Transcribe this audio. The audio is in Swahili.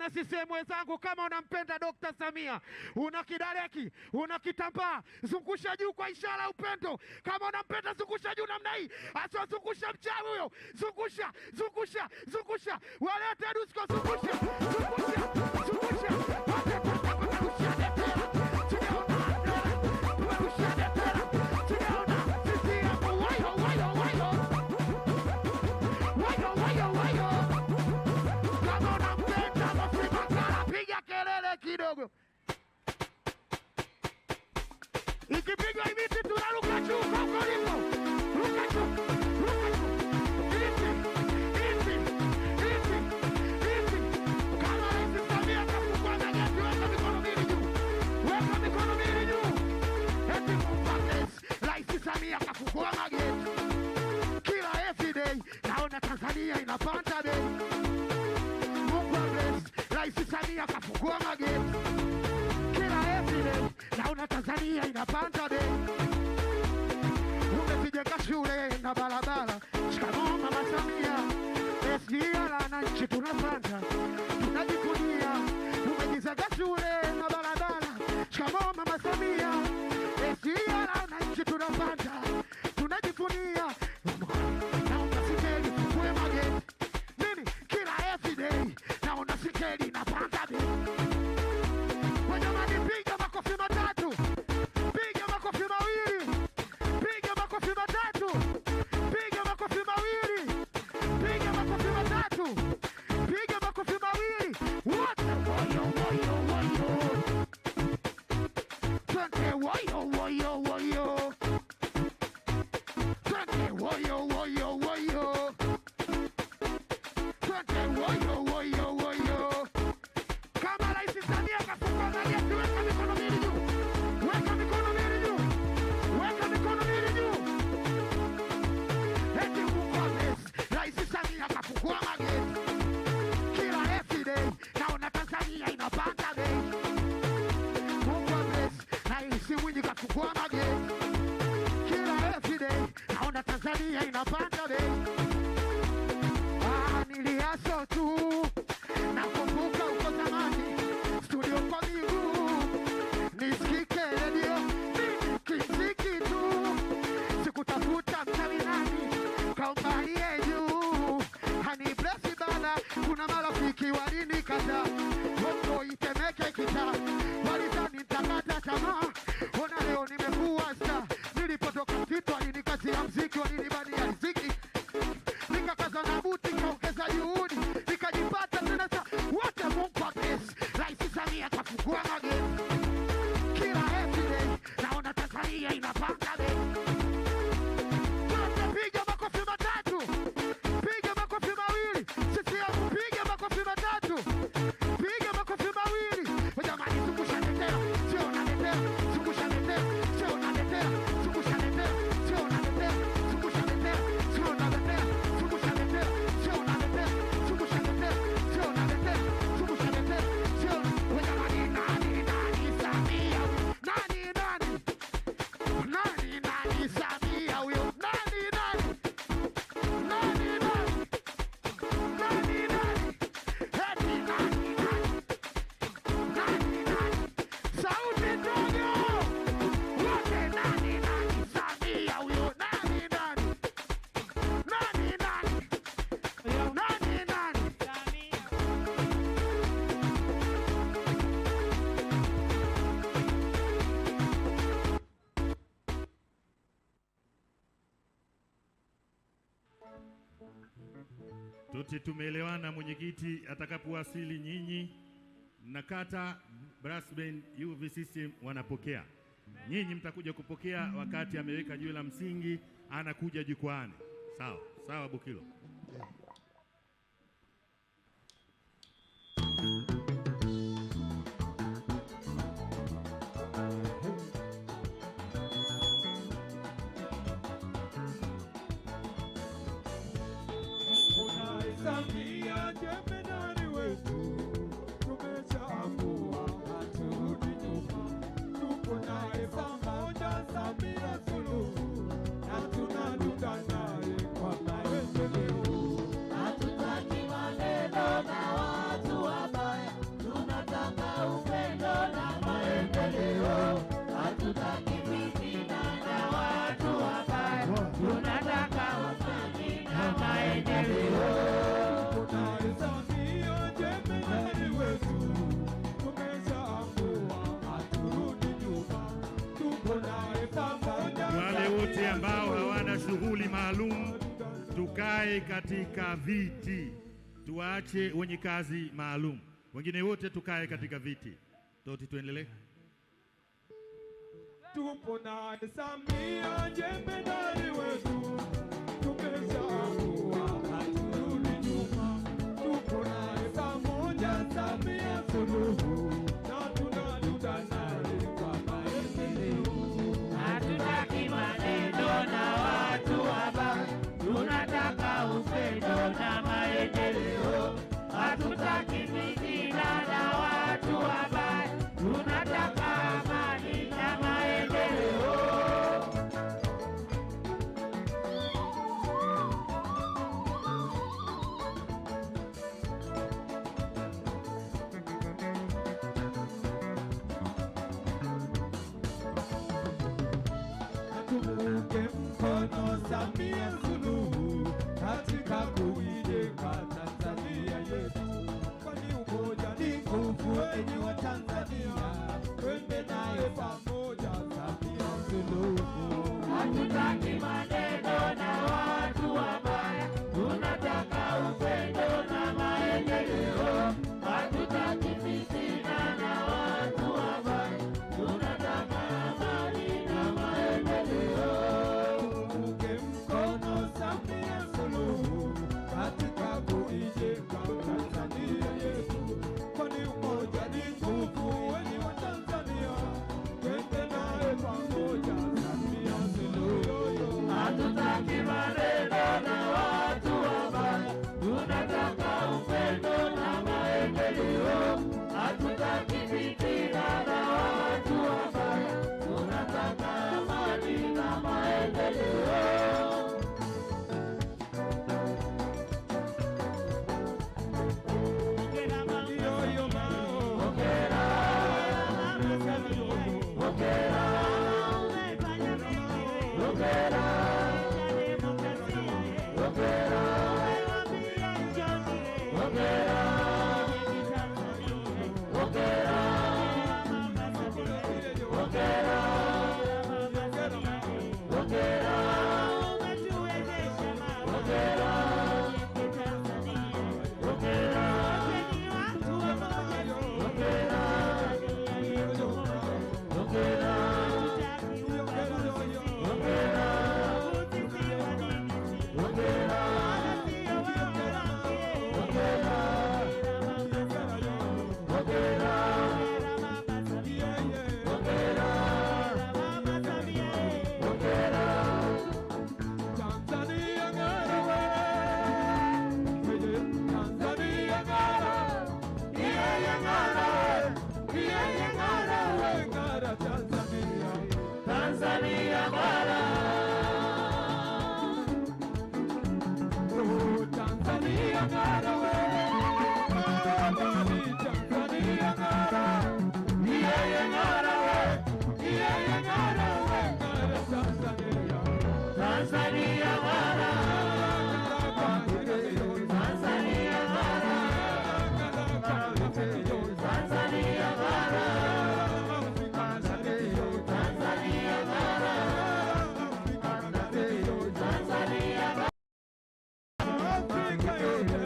Wana sisehemu wenzangu, kama unampenda Dokta Samia, una kidareki, una kitambaa, zungusha juu kwa ishara ya upendo. Kama unampenda zungusha juu namna hii, asiozungusha mchawi huyo. Zungusha, zungusha, zungusha, walete dusko, zungusha, zungusha, zungusha sister in a pantabe Mungu wa bless Like sister ni akafungua mageti Kila evidence Naona Tanzania ina pantabe Umepijenga shule na barabara Shikamoo mama Samia SGR la nanchi tunazo Attention! dunia inapanda bei. Ah, niliaso tu nakumbuka uko zamani studio kwa miguu nisikike redio kisiki tu sikutafuta mtaminani kaumbanie juu haniblesi bana kuna marafiki walinikataa bongo itemeke kita walitanitakata tamaa Pack Sote tumeelewana, mwenyekiti atakapowasili nyinyi na kata uv system wanapokea, nyinyi mtakuja kupokea wakati ameweka jiwe la msingi, anakuja jukwaani. Sawa sawa, Bukilo. Jimmy. ambao hawana shughuli maalum tukae katika viti, tuache wenye kazi maalum, wengine wote tukae katika viti. Toti, tuendelee. Tupo na Samia jemedari wetu to God. Hongera, Hongera, Hongera. Rosalie.